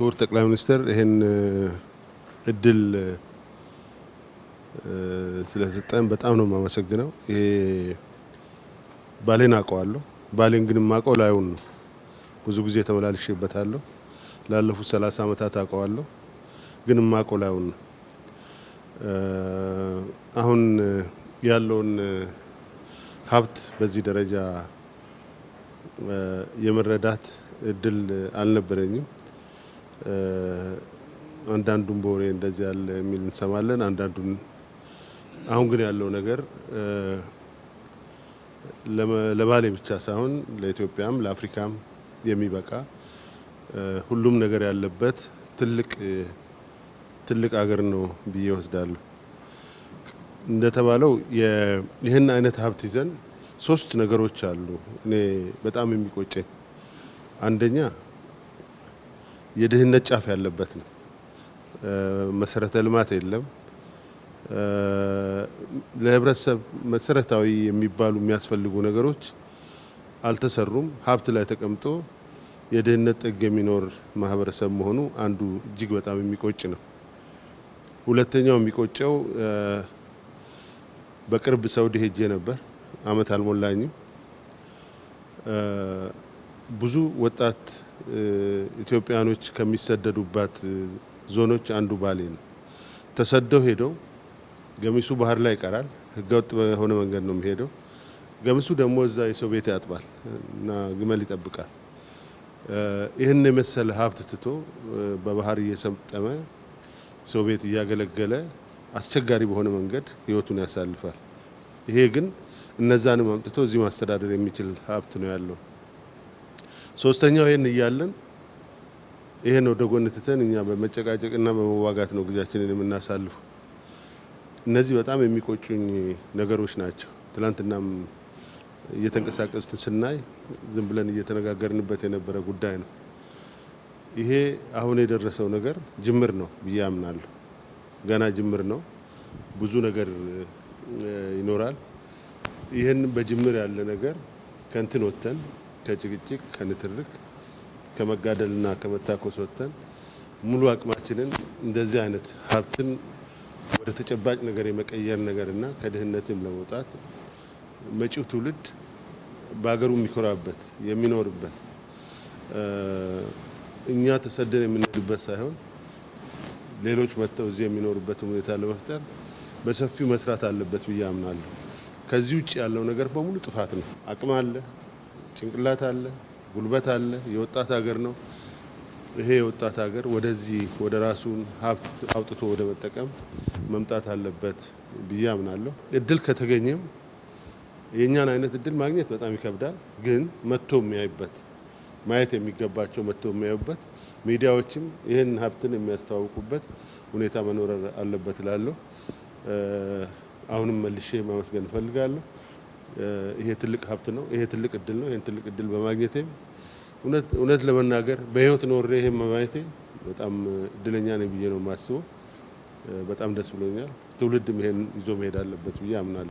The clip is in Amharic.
ክቡር ጠቅላይ ሚኒስትር ይህን እድል ስለሰጠን በጣም ነው የማመሰግነው። ይሄ ባሌን አውቀዋለሁ። ባሌን ግን የማውቀው ላዩን ነው። ብዙ ጊዜ ተመላልሼበታለሁ። ላለፉት ሰላሳ ዓመታት አውቀዋለሁ። ግን የማውቀው ላዩን ነው። አሁን ያለውን ሀብት በዚህ ደረጃ የመረዳት እድል አልነበረኝም። አንዳንዱን በወሬ እንደዚህ ያለ የሚል እንሰማለን። አንዳንዱን አሁን ግን ያለው ነገር ለባሌ ብቻ ሳይሆን ለኢትዮጵያም ለአፍሪካም የሚበቃ ሁሉም ነገር ያለበት ትልቅ ትልቅ አገር ነው ብዬ ወስዳለሁ። እንደተባለው ይህን አይነት ሀብት ይዘን ሶስት ነገሮች አሉ እኔ በጣም የሚቆጨኝ አንደኛ የድህነት ጫፍ ያለበት ነው። መሰረተ ልማት የለም። ለህብረተሰብ መሰረታዊ የሚባሉ የሚያስፈልጉ ነገሮች አልተሰሩም። ሀብት ላይ ተቀምጦ የድህነት ጥግ የሚኖር ማህበረሰብ መሆኑ አንዱ እጅግ በጣም የሚቆጭ ነው። ሁለተኛው የሚቆጨው በቅርብ ሰው ድሄጄ ነበር፣ አመት አልሞላኝም። ብዙ ወጣት ኢትዮጵያኖች ከሚሰደዱባት ዞኖች አንዱ ባሌ ነው። ተሰደው ሄደው ገሚሱ ባህር ላይ ይቀራል። ህገወጥ በሆነ መንገድ ነው የሚሄደው። ገሚሱ ደግሞ እዛ የሰው ቤት ያጥባል እና ግመል ይጠብቃል። ይህን የመሰለ ሀብት ትቶ በባህር እየሰጠመ ሰው ቤት እያገለገለ አስቸጋሪ በሆነ መንገድ ህይወቱን ያሳልፋል። ይሄ ግን እነዛንም አምጥቶ እዚህ ማስተዳደር የሚችል ሀብት ነው ያለው። ሶስተኛው ይሄን እያለን ይሄን ወደ ጎን ትተን እኛ በመጨቃጨቅ እና በመዋጋት ነው ጊዜያችንን የምናሳልፉ። እነዚህ በጣም የሚቆጩኝ ነገሮች ናቸው። ትናንትናም እየተንቀሳቀስን ስናይ ዝም ብለን እየተነጋገርንበት የነበረ ጉዳይ ነው። ይሄ አሁን የደረሰው ነገር ጅምር ነው ብዬ አምናለሁ። ገና ጅምር ነው፣ ብዙ ነገር ይኖራል። ይህን በጅምር ያለ ነገር ከንትን ወጥተን ከጭቅጭቅ፣ ከንትርክ፣ ከመጋደልና ከመታኮስ ወጥተን ሙሉ አቅማችንን እንደዚህ አይነት ሀብትን ወደ ተጨባጭ ነገር የመቀየር ነገርና ከድህነትም ለመውጣት መጪው ትውልድ በሀገሩ የሚኮራበት የሚኖርበት እኛ ተሰደን የምንሄድበት ሳይሆን ሌሎች መጥተው እዚህ የሚኖሩበት ሁኔታ ለመፍጠር በሰፊው መስራት አለበት ብዬ አምናለሁ። ከዚህ ውጭ ያለው ነገር በሙሉ ጥፋት ነው። አቅም አለ። ጭንቅላት አለ፣ ጉልበት አለ። የወጣት ሀገር ነው። ይሄ የወጣት ሀገር ወደዚህ ወደ ራሱን ሀብት አውጥቶ ወደ መጠቀም መምጣት አለበት ብዬ አምናለሁ። እድል ከተገኘም የእኛን አይነት እድል ማግኘት በጣም ይከብዳል። ግን መጥቶ የሚያይበት ማየት የሚገባቸው መጥቶ የሚያዩበት ሚዲያዎችም ይህን ሀብትን የሚያስተዋውቁበት ሁኔታ መኖር አለበት እላለሁ። አሁንም መልሼ ማመስገን እፈልጋለሁ። ይሄ ትልቅ ሀብት ነው። ይሄ ትልቅ እድል ነው። ይሄን ትልቅ እድል በማግኘት እውነት ለመናገር በህይወት ኖሬ ይሄን በማየቴ በጣም እድለኛ ነኝ ብዬ ነው የማስበው። በጣም ደስ ብሎኛል። ትውልድም ይሄን ይዞ መሄድ አለበት ብዬ አምናለሁ።